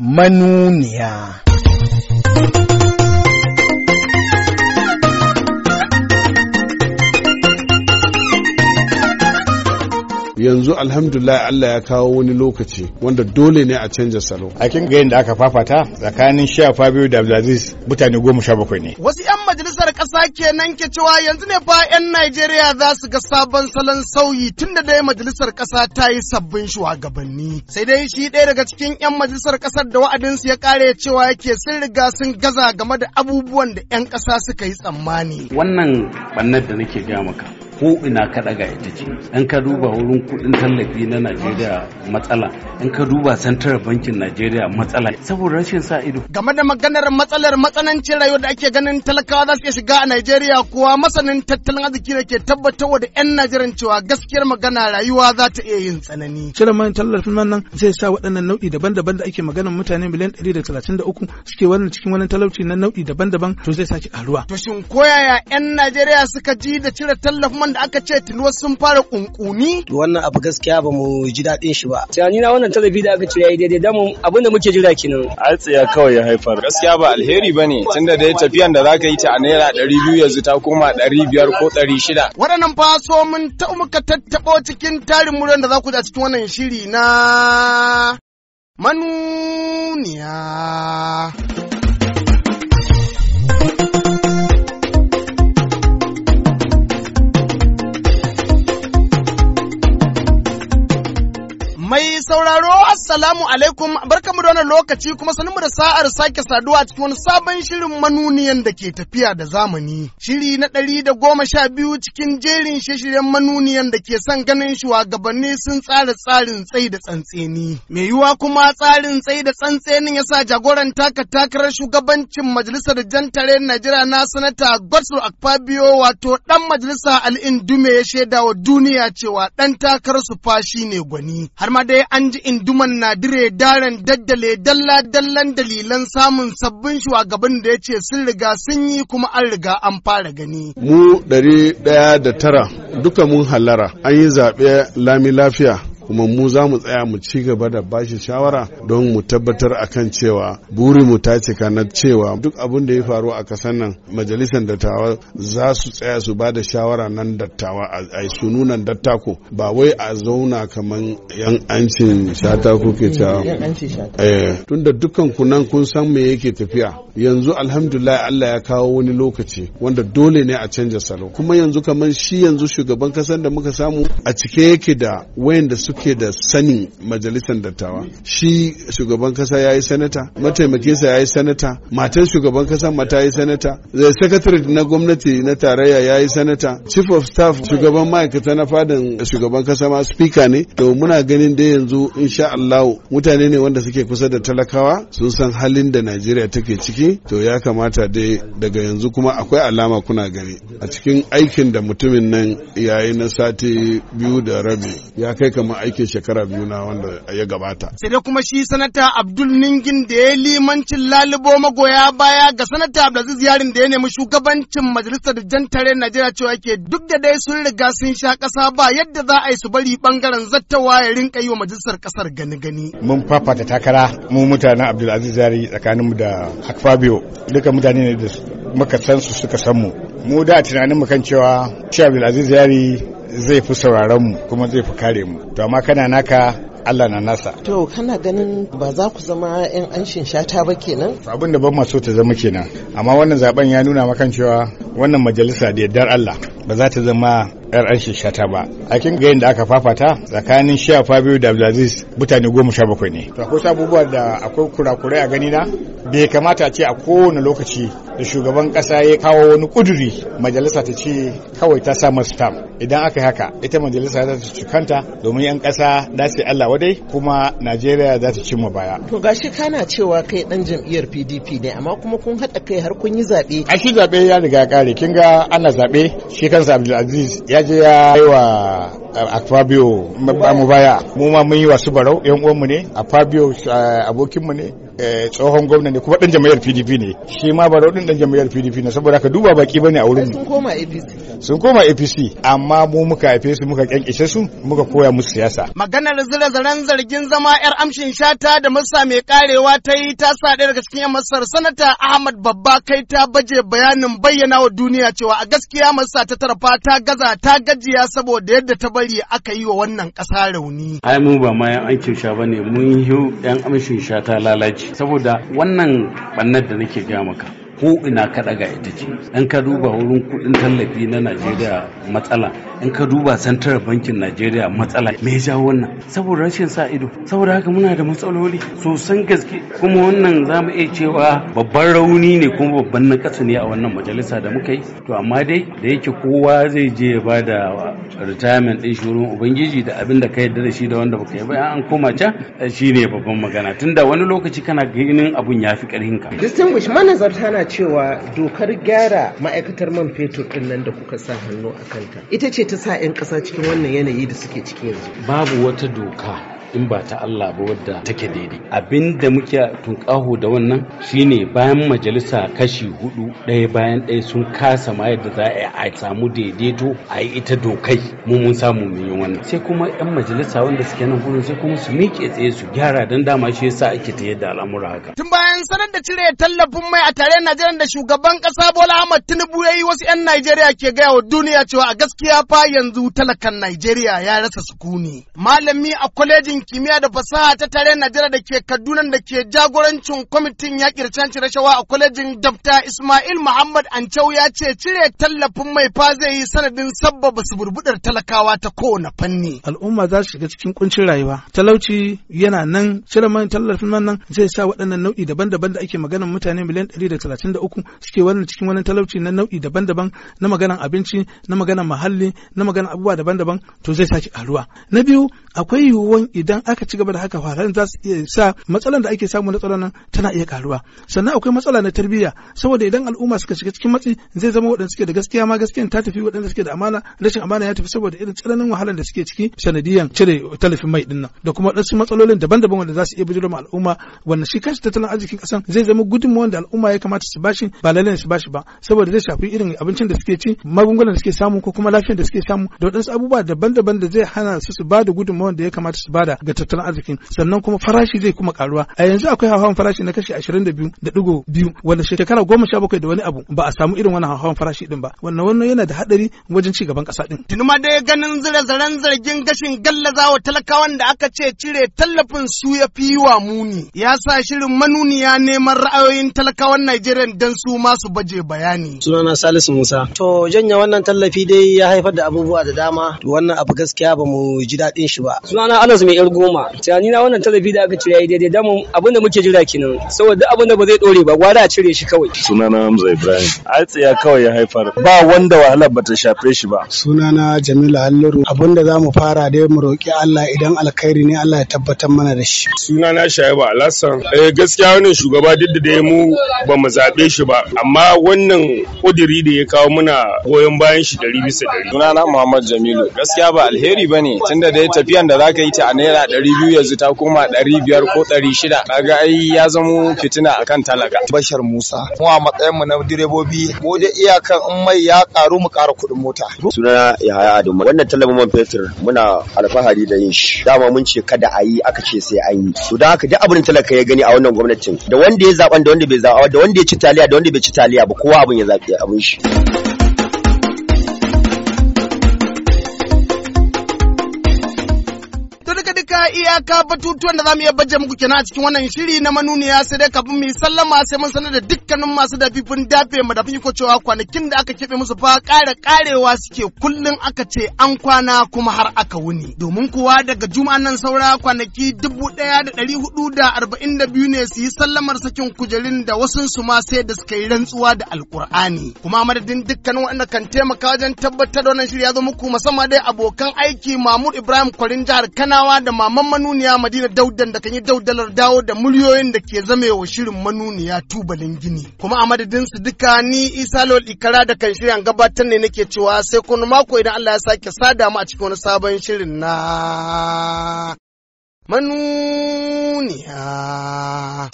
manuniya. yanzu alhamdulillah Allah ya kawo wani lokaci wanda dole ne a canja salo. A kin ga da aka fafata tsakanin sha Fabio da Abdulaziz mutane goma sha bakwai ne. Wasu 'yan majalisa ƙasa kenan ke cewa yanzu ne fa 'yan Najeriya za su ga sabon salon sauyi tun da dai majalisar ƙasa ta yi sabbin shugabanni. Sai dai shi ɗaya daga cikin 'yan majalisar ƙasar da wa'adinsu ya ƙare cewa yake sun riga sun gaza game da abubuwan da 'yan ƙasa suka yi tsammani. Wannan bannar da nake gaya maka ko ina ka daga ita ce in ka duba wurin kudin tallafi na najeriya matsala in ka duba santar bankin najeriya matsala saboda rashin sa ido game da maganar matsalar matsanancin rayuwar da ake ganin talakawa za su iya shiga a najeriya kuwa masanin tattalin arziki da ke tabbatarwa da yan najeriya cewa gaskiyar magana rayuwa za ta iya yin tsanani cire man tallafin nan zai sa waɗannan nau'i daban-daban da ake maganar mutane miliyan ɗari da talatin da uku suke wannan cikin wani talauci na nau'i daban-daban to zai sake karuwa to shin koyaya yan najeriya suka ji da cire tallafin man da aka ce tuni sun fara kunkuni. Wannan abu gaskiya ba mu ji daɗin shi ba. Tunani na wannan talabi da aka ce yayi daidai damu abin da muke jira kenan. ya kawai ya haifar. Gaskiya ba alheri ba ne tunda dai tafiyan da zaka yi ta a naira ɗari biyu yanzu ta koma ɗari biyar ko ɗari shida. Waɗannan fa so mun ta muka tattaɓo cikin tarin muryar da za ku ji a cikin wannan shiri na manuniya. Assalamu alaikum, barkamu da wannan lokaci kuma sanin da sa'ar sake saduwa a cikin wani sabon shirin manuniyan da ke tafiya da zamani. Shiri na ɗari da goma sha biyu cikin jerin shirin manuniyan da ke son ganin shugabanni sun tsara tsarin tsai da tsantseni. Mai yiwuwa kuma tsarin tsai da tsantsenin ya sa jagoran taka takarar shugabancin majalisar jantare Najeriya na sanata Godswill Akpabio wato ɗan majalisa Dume ya shaida wa duniya cewa ɗan takarar su fashi ne gwani. Har ma dai an ji induman na dire daren daddale dalla dallan dalilan samun sabbin shugaban da ya ce sun riga sun yi kuma an riga an fara gani. Mu ɗari ɗaya da tara duka mun halara, an yi zaɓe lami lafiya kuma mu za mu tsaya mu ci gaba da bashi shawara don mu tabbatar a kan cewa burinmu ta cika na cewa duk abin da ya faru a kasan nan majalisar dattawa za su tsaya su ba da shawara nan dattawa a su nunan dattako ba wai a zauna kaman yan ancin shata kuke cewa mm, eh, tunda dukkan kunan kun san me yake tafiya yanzu alhamdulillah Allah ya kawo wani lokaci wanda dole ne a canja salo kuma yanzu kaman shi yanzu shugaban kasan da muka samu a cike yake da wayanda su suke da sanin majalisar dattawa shi shugaban kasa ya yi sanata mataimakinsa ya yi sanata matan shugaban kasa mata yi sanata zai secretary na gwamnati na tarayya ya yi sanata chief of staff shugaban ma'aikata na fadin shugaban kasa ma speaker ne to muna ganin dai yanzu insha Allah mutane ne wanda suke kusa da talakawa sun san halin da Najeriya take ciki to ya kamata dai daga yanzu kuma akwai alama kuna gani a cikin aikin da mutumin nan yayi na sati biyu da rabi ya kai kama aikin shekara biyu na wanda ya gabata. Sai dai kuma shi sanata Abdul Ningin da ya limancin lalubo magoya baya ga sanata Abdulaziz Yarin da ya nemi shugabancin majalisar jantare Najeriya cewa yake duk da dai sun riga sun sha kasa ba yadda za a yi su bari bangaren zattawa ya rinka yi wa majalisar kasar gani gani. Mun fafata takara mu mutanen Abdulaziz Yari tsakaninmu da Akfabio duka mutane ne da muka san su suka san mu. Mu da tunanin mu kan cewa Shi Abdulaziz Yari zai fi sauraron mu kuma zai fi kare mu to amma kana naka Allah na nasa. To kana ganin ba za ku zama 'yan anshin shata ba kenan? Abin da ban maso ta zama kenan. Amma wannan zaben ya nuna makan cewa wannan majalisa da yardar Allah ba za ta zama 'yar anshin shata ba. A kin ga da aka fafata tsakanin Shia Fabio da Abdulaziz mutane goma sha bakwai ne. To akwai abubuwa da akwai kurakurai a gani na bai kamata a ce a kowane lokaci da shugaban kasa ya kawo wani kuduri majalisa ta ce kawai ta sa masu tam idan aka yi haka ita majalisa za ta ci kanta domin yan kasa da su Allah wadai kuma Najeriya za ta ci mu baya to gashi kana cewa kai dan jam'iyyar PDP ne amma kuma kun haɗa kai har kun yi zaɓe a shi zabe ya riga ya kare kin ga ana zabe shi kansa Abdulaziz ya je ya yi wa eh, a Fabio mu baya mu ma mun yi wasu barau yan uwanmu ne a Fabio eh, abokinmu ne Eh, tsohon gwamna ne kuma dan jam'iyyar PDP ne shi ma barau din dan jam'iyyar PDP ne saboda ka duba baki bane a wurin sun koma APC sun koma APC amma mu muka haife su muka kyankishe su muka koya musu siyasa maganar zira zaren zargin zama yar amshin shata da masa mai karewa ta yi ta sa daga cikin yan masar sanata Ahmad Babba kai ta baje bayanin bayyana wa duniya cewa a gaskiya masa ta tarfa ta gaza ta gajiya saboda yadda ta bari aka yi wa wannan ƙasa rauni ai mu ba ma yan aikin sha bane mun yi yan amshin Shata lalaci lalace saboda wannan bannar da nake gaya maka ko ina ka daga ita ce in ka duba wurin kudin tallafi na najeriya matsala in ka duba santar bankin najeriya matsala me ya jawo wannan saboda rashin sa ido saboda haka muna da matsaloli sosan gaske kuma wannan za mu iya cewa babban rauni ne kuma babban nakasa ne a wannan majalisa da muka yi to amma dai da yake kowa zai je ya ba da retirement din shi wurin ubangiji da abin da ka yarda da shi da wanda baka yi ba an koma can shine babban magana tunda wani lokaci kana ganin abun ya fi karhin ka distinguish manazarta na cewa dokar gyara ma'aikatar man fetur din nan da kuka sa hannu a kanta ita ce ta sa 'yan ƙasa cikin wannan yanayi da suke ciki yanzu babu wata doka in ba ta Allah ba wadda take daidai abin da muke tunƙaho da wannan shine bayan majalisa kashi hudu ɗaya bayan ɗaya sun kasa ma yadda za a samu daidaito a yi ita dokai mu mun samu mu yi wannan sai kuma yan majalisa wanda suke nan gurin sai kuma su miƙe tsaye su gyara don dama shi yasa ake ta yadda al'amura haka tun bayan sanar da cire tallafin mai a tare Najeriya da shugaban kasa Bola Ahmad Tinubu yayi wasu yan Najeriya ke gaya wa duniya cewa a gaskiya fa yanzu talakan Najeriya ya rasa sukuni malami a kwalejin kimiyya da fasaha ta tare Najeriya da ke Kaduna da ke jagorancin kwamitin yaƙi da canci rashawa a kwalejin Dabta Ismail Muhammad Ancau ya ce cire tallafin mai fa zai yi sanadin sabbaba suburbudar talakawa ta kowane fanni. Al'umma za su shiga cikin kuncin rayuwa. Talauci yana nan cire man tallafin nan nan zai sa waɗannan nau'i daban-daban da ake maganar mutane miliyan ɗari da talatin da uku suke wannan cikin wani talauci na nau'i daban-daban na maganar abinci na maganar muhalli na maganar abubuwa daban-daban to zai sake ƙaruwa. Na biyu akwai yiwuwan idan idan aka ci gaba da haka fara za su iya sa matsalar da ake samu na tsaron nan tana iya karuwa sannan akwai matsala na tarbiyya saboda idan al'umma suka shiga cikin matsi zai zama waɗanda suke da gaskiya ma gaskiyan ta tafi waɗanda suke da amana rashin amana ya tafi saboda irin tsananin wahalar da suke ciki sanadiyan cire talafin mai dinnan da kuma wasu matsalolin daban-daban wanda za su iya bijiro ma al'umma wannan shi kanshi tattalin arzikin ƙasan zai zama gudunmawar da al'umma ya kamata su bashi ba lallai su bashi ba saboda zai shafi irin abincin da suke ci magungunan da suke samu ko kuma lafiyar da suke samu da waɗansu abubuwa daban-daban da zai hana su su ba da gudunmawar da ya kamata su ba ga tattalin arzikin sannan kuma farashi zai kuma karuwa a yanzu akwai hawan farashi na kashi ashirin da biyu da digo biyu wanda shekara goma sha bakwai da wani abu ba a samu irin wannan hawan farashi din ba wannan wannan yana da hadari wajen ci gaban kasa din tunuma dai ganin zira zaren zargin gashin wa talakawan da aka ce cire tallafin su ya fi wa muni ya sa shirin manuniya neman ra'ayoyin talakawan Najeriya dan su masu baje bayani sunana Salisu Musa to janya wannan tallafi dai ya haifar da abubuwa da dama wannan abu gaskiya ba mu ji daɗin shi ba sunana biyar goma tunani na wannan talabi da aka cire daidai da mu abinda muke jira kenan saboda abin da ba zai dore ba gwara a cire shi kawai sunana Hamza Ibrahim a tsaya kawai ya haifar ba wanda wahalar bata shafe shi ba sunana Jamilu Halliru abinda zamu fara dai mu roki Allah idan alkhairi ne Allah ya tabbatar mana da shi sunana Shaiba Alhassan eh gaskiya wannan shugaba duk da mu ba mu zabe shi ba amma wannan kudiri da ya kawo muna goyon bayan shi 100 sunana Muhammad Jamilu gaskiya ba alheri bane tunda dai tafiyan da zaka yi ta a naira ɗari biyu yanzu ta koma ɗari biyar ko ɗari shida kaga ai ya zamo fitina akan talaka. Bashar Musa mu a matsayin mu na direbobi mu da iyakan in mai ya karu mu kara kuɗin mota. Sunana Yahaya Adamu wannan talabin man fetur muna alfahari da yin shi dama mun ce kada a yi aka ce sai an yi su da haka duk abin talaka ya gani a wannan gwamnatin da wanda ya zaɓan da wanda bai zaɓa da wanda ya ci taliya da wanda bai ci taliya ba kowa abin ya zaɓi abin shi. iya iyaka batutuwan da za mu iya baje muku kenan a cikin wannan shiri na manuniya sai dai kafin mu yi sallama sai mun sanar da dukkanin masu dafifin dafe mu da ko cewa kwanakin da aka kebe musu fa ƙara ƙarewa suke kullum aka ce an kwana kuma har aka wuni. Domin kuwa daga juma'an nan saura kwanaki dubu ɗaya da ɗari hudu da arba'in da biyu ne su yi sallamar sakin kujerin da wasu su ma sai da suka yi rantsuwa da alkur'ani kuma madadin dukkanin waɗanda kan taimaka wajen tabbatar da wannan ya zo muku musamman dai abokan aiki Mahmud Ibrahim Kwarin jihar Kanawa da kamar manuniya madina daudan da kan yi daudalar dawo da miliyoyin da ke zame wa shirin manuniya tubalin gini kuma a madadin su duka ni isa lol ikara da kan shirin gabatar ne nake cewa sai kuma mako idan allah ya sake sada mu a cikin wani sabon shirin na manuniya